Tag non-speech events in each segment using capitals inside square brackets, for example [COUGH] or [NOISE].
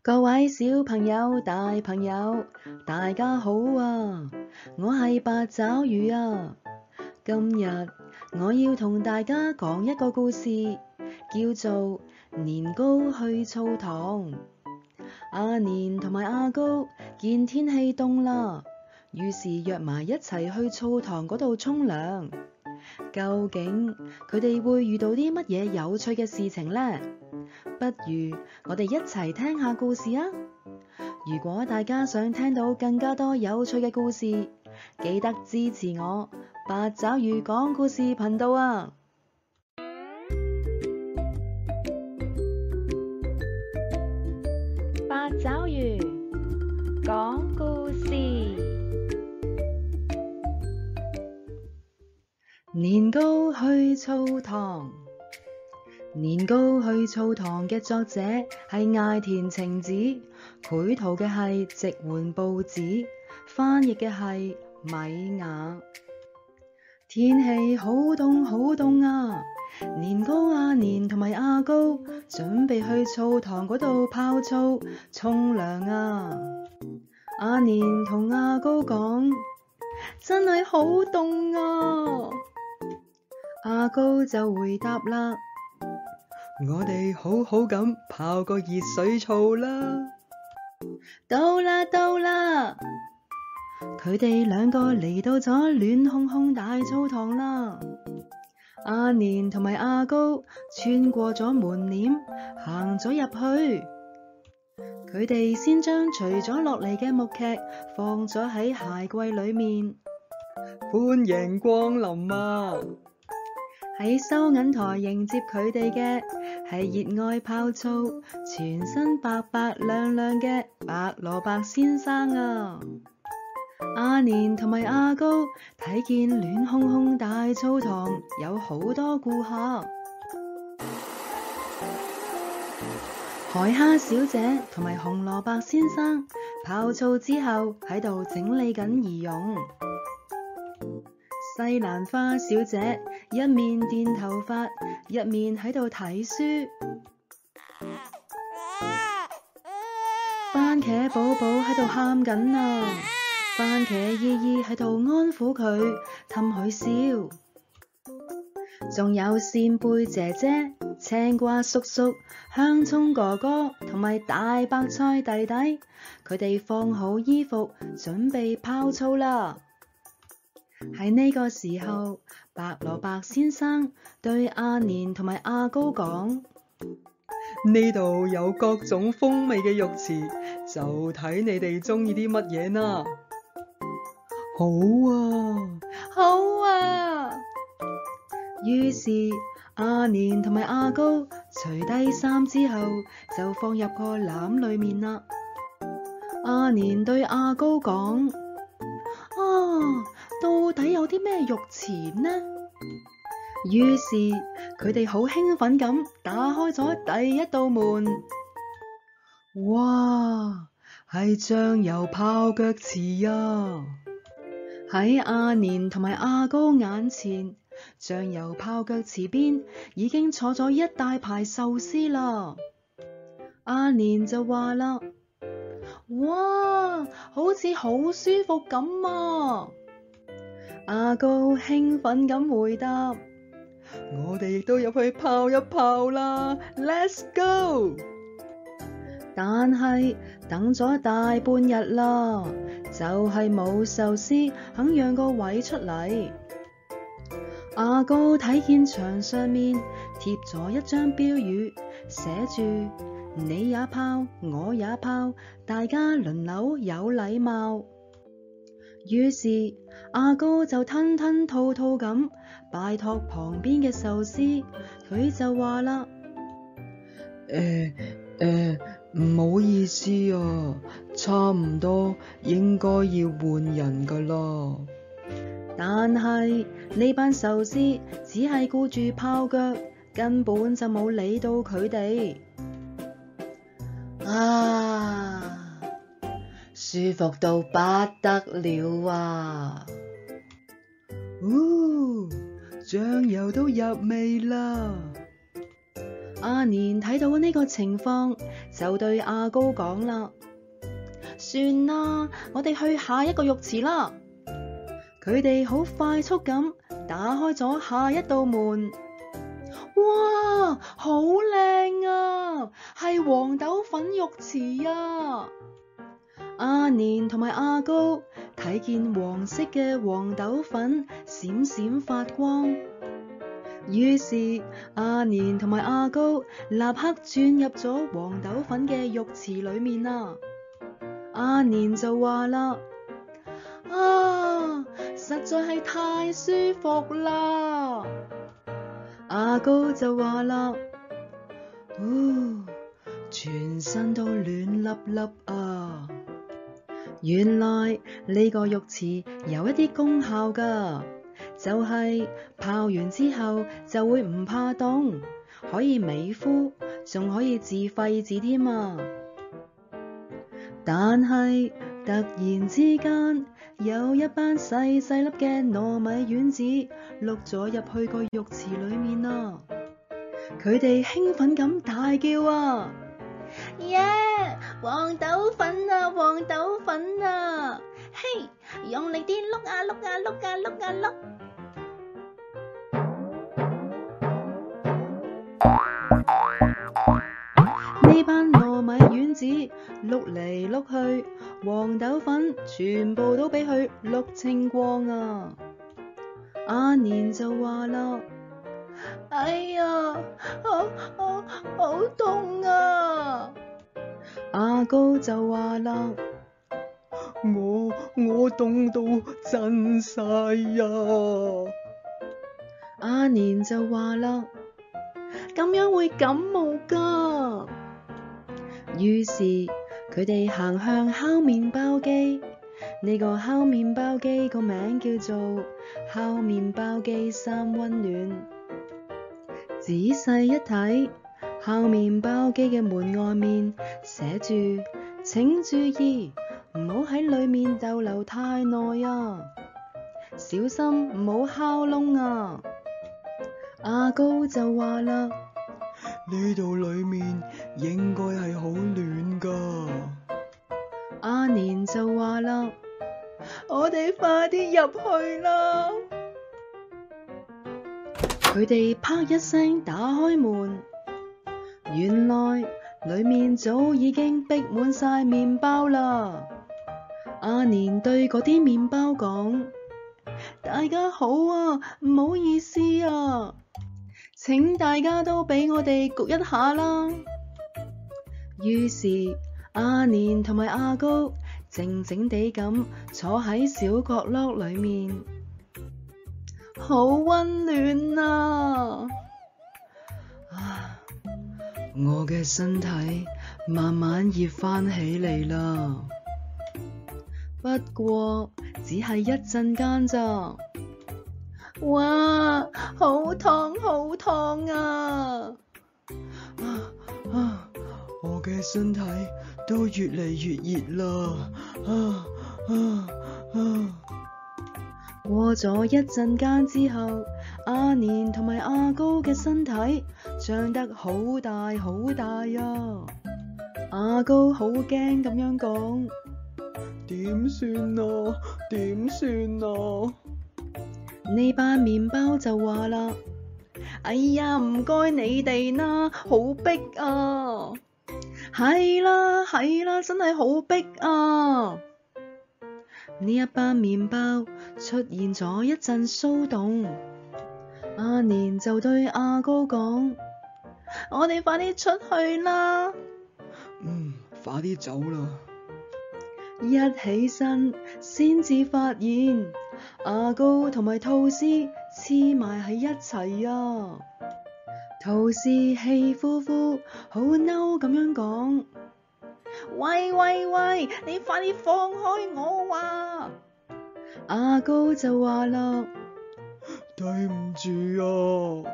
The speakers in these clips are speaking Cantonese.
各位小朋友、大朋友，大家好啊！我係八爪魚啊！今日我要同大家講一個故事，叫做《年糕去澡堂》。阿年同埋阿糕見天氣凍啦，於是約埋一齊去澡堂嗰度沖涼。究竟佢哋會遇到啲乜嘢有趣嘅事情呢？不如我哋一齊聽下故事啊！如果大家想聽到更加多有趣嘅故事，記得支持我八爪魚講故事頻道啊！八爪魚講故事，年糕去澡堂。年糕去澡堂嘅作者係苅田澄子，繪圖嘅係植垣步子，翻譯嘅係米雅。天氣好凍好凍啊！年糕阿、啊、年同埋阿高準備去堂澡堂嗰度泡澡沖涼啊！阿、啊、年同阿高講：真係好凍啊！阿、啊、高就回答啦。我哋好好咁泡個熱水澡啦！到啦到啦，佢哋兩個嚟到咗暖烘烘大澡堂啦。阿年同埋阿糕穿過咗門簾，行咗入去。佢哋先將除咗落嚟嘅木屐放咗喺鞋櫃裏面。歡迎光臨啊！喺收銀台迎接佢哋嘅，係熱愛泡醋、全身白白亮亮嘅白蘿蔔先生啊！阿年同埋阿高睇見暖烘烘大澡堂有好多顧客，海蝦小姐同埋紅蘿蔔先生泡醋之後喺度整理緊儀容。西蘭花小姐一面墊頭髮，一面喺度睇書。番 [LAUGHS] 茄寶寶喺度喊緊啊！番茄姨姨喺度安撫佢，氹佢笑。仲有扇貝姐姐、青瓜叔叔、香蔥哥哥同埋大白菜弟弟，佢哋放好衣服，準備泡澡啦！喺呢個時候，白蘿卜先生對阿年同埋阿糕講：呢度有各種風味嘅浴池，就睇你哋中意啲乜嘢啦。好啊，好啊。於是阿年同埋阿糕除低衫之後，就放入個籃裏面啦。阿年對阿糕講：啊。到底有啲咩浴池呢？於是佢哋好興奮咁打開咗第一道門。哇，係醬油泡腳池啊！喺阿年同埋阿糕眼前，醬油泡腳池邊已經坐咗一大排壽司啦。阿年就話啦：哇，好似好舒服咁啊！阿高興奮咁回答：我哋亦都入去泡一泡啦，Let's go！但係等咗大半日啦，就係冇壽司肯讓個位出嚟。阿高睇見牆上面貼咗一張標語，寫住：你也泡，我也泡，大家輪流有禮貌。於是。阿糕就吞吞吐吐咁拜託旁邊嘅壽司，佢就話啦：誒誒，唔好意思啊，差唔多應該要換人㗎喇。但係呢班壽司只係顧住泡腳，根本就冇理到佢哋，啊，舒服到不得了啊！哇！醬油都入味啦！阿年睇到呢個情況，就對阿高講啦：，算啦，我哋去下一個浴池啦！佢哋好快速咁打開咗下一道門。哇！好靚啊，係黃豆粉浴池啊！阿年同埋阿高，睇見黃色嘅黃豆粉閃閃發光，於是阿年同埋阿高立刻轉入咗黃豆粉嘅浴池裡面啦。阿年就話啦：，啊，實在係太舒服啦！阿高就話啦：，呼、哦，全身都暖笠笠啊！原來呢個浴池有一啲功效㗎，就係泡完之後就會唔怕凍，可以美膚，仲可以治痱子添啊！但係突然之間有一班細細粒嘅糯米丸子碌咗入去個浴池裡面啊，佢哋興奮咁大叫啊！耶！Yeah, 黃豆粉啊，黃豆粉啊，嘿、hey，用力啲碌啊碌啊碌啊碌啊碌啊！呢 [NOISE] [NOISE] 班糯米丸子碌嚟碌去，黃豆粉全部都畀佢碌清光啊！阿、啊、年就話啦。哎呀，好好好凍啊！阿高就話啦，我我凍到震晒啊！阿年就話啦，咁樣會感冒噶。於是佢哋行向烤麵包機，呢個烤麵包機個名叫做烤麵包機三温暖。仔細一睇，烤麵包機嘅門外面寫住，請注意唔好喺裏面逗留太耐啊，小心唔好烤窿啊。阿高就話啦，呢度裏面應該係好暖㗎。阿年就話啦，我哋快啲入去啦。佢哋啪一聲打開門，原來裏面早已經逼滿晒麵包啦！阿年對嗰啲麵包講：「大家好啊，唔好意思啊，請大家都俾我哋焗一下啦！於是阿年同埋阿糕靜靜地咁坐喺小角落裏面。好溫暖啊！啊，我嘅身體慢慢熱翻起嚟啦。不過只係一陣間咋。哇，好燙好燙啊！啊啊，我嘅身體都越嚟越熱啦！啊啊啊！啊過咗一陣間之後，阿年同埋阿高嘅身體長得好大好大喲、啊。阿高好驚咁樣講：點算啊？點算啊？呢班麵包就話啦。哎呀，唔該你哋、啊、啦，好逼啊！係啦係啦，真係好逼啊！呢一班麵包出現咗一陣騷動，阿年就對阿高講：我哋快啲出去啦！嗯，快啲走啦！一起身先至發現，阿高同埋吐司黐埋喺一齊啊！吐司氣呼呼，好嬲咁樣講。喂喂喂，你快啲放開我啊！阿糕就話啦，對唔住啊！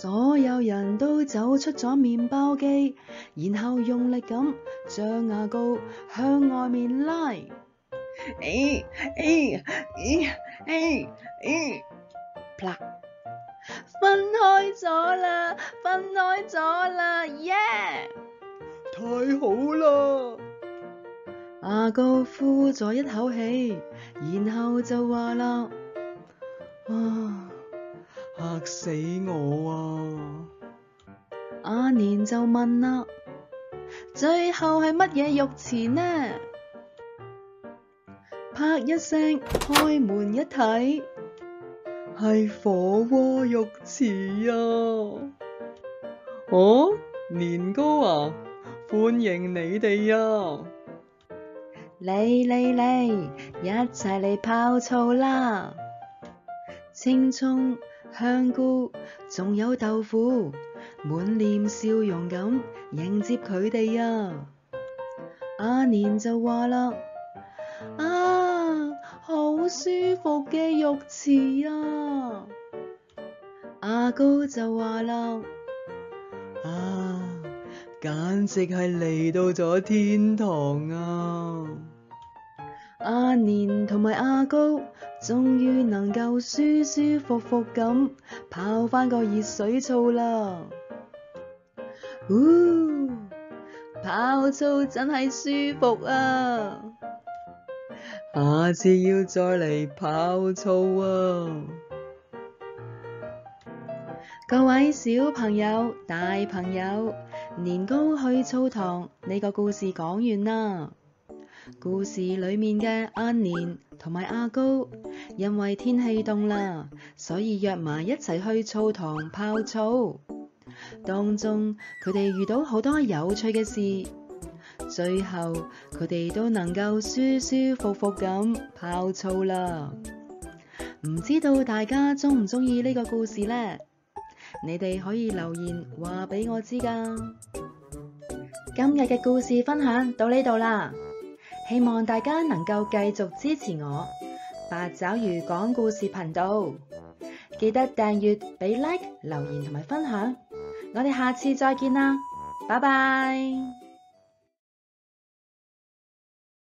所有人都走出咗麵包機，然後用力咁將阿糕向外面拉。誒誒誒誒誒，啪、哎哎哎哎哎哎哎！分開咗啦，分開咗啦，耶、yeah!！太好啦！阿高呼咗一口氣，然後就話啦：啊，嚇死我啊！阿年就問啦：最後係乜嘢浴池呢？啪一聲開門一睇，係火鍋浴池啊！哦，年糕啊！歡迎你哋啊！嚟嚟嚟，一齊嚟泡澡啦！青葱、香菇，仲有豆腐，滿臉笑容咁迎接佢哋啊！阿年就話啦：啊，好舒服嘅浴池啊！啊」阿糕就話啦。簡直係嚟到咗天堂啊！阿年同埋阿糕終於能夠舒舒服服咁泡翻個熱水澡啦！嗚，泡澡真係舒服啊！下次要再嚟泡澡啊！各位小朋友、大朋友。年糕去澡堂，呢個故事講完啦。故事裏面嘅阿年同埋阿高，因為天氣凍啦，所以約埋一齊去澡堂泡澡。當中佢哋遇到好多有趣嘅事，最後佢哋都能夠舒舒服服咁泡澡啦。唔知道大家中唔中意呢個故事咧？你哋可以留言話俾我知㗎，今日嘅故事分享到呢度啦，希望大家能夠繼續支持我八爪魚講故事頻道，記得訂閱、俾 like、留言同埋分享，我哋下次再見啦，拜拜。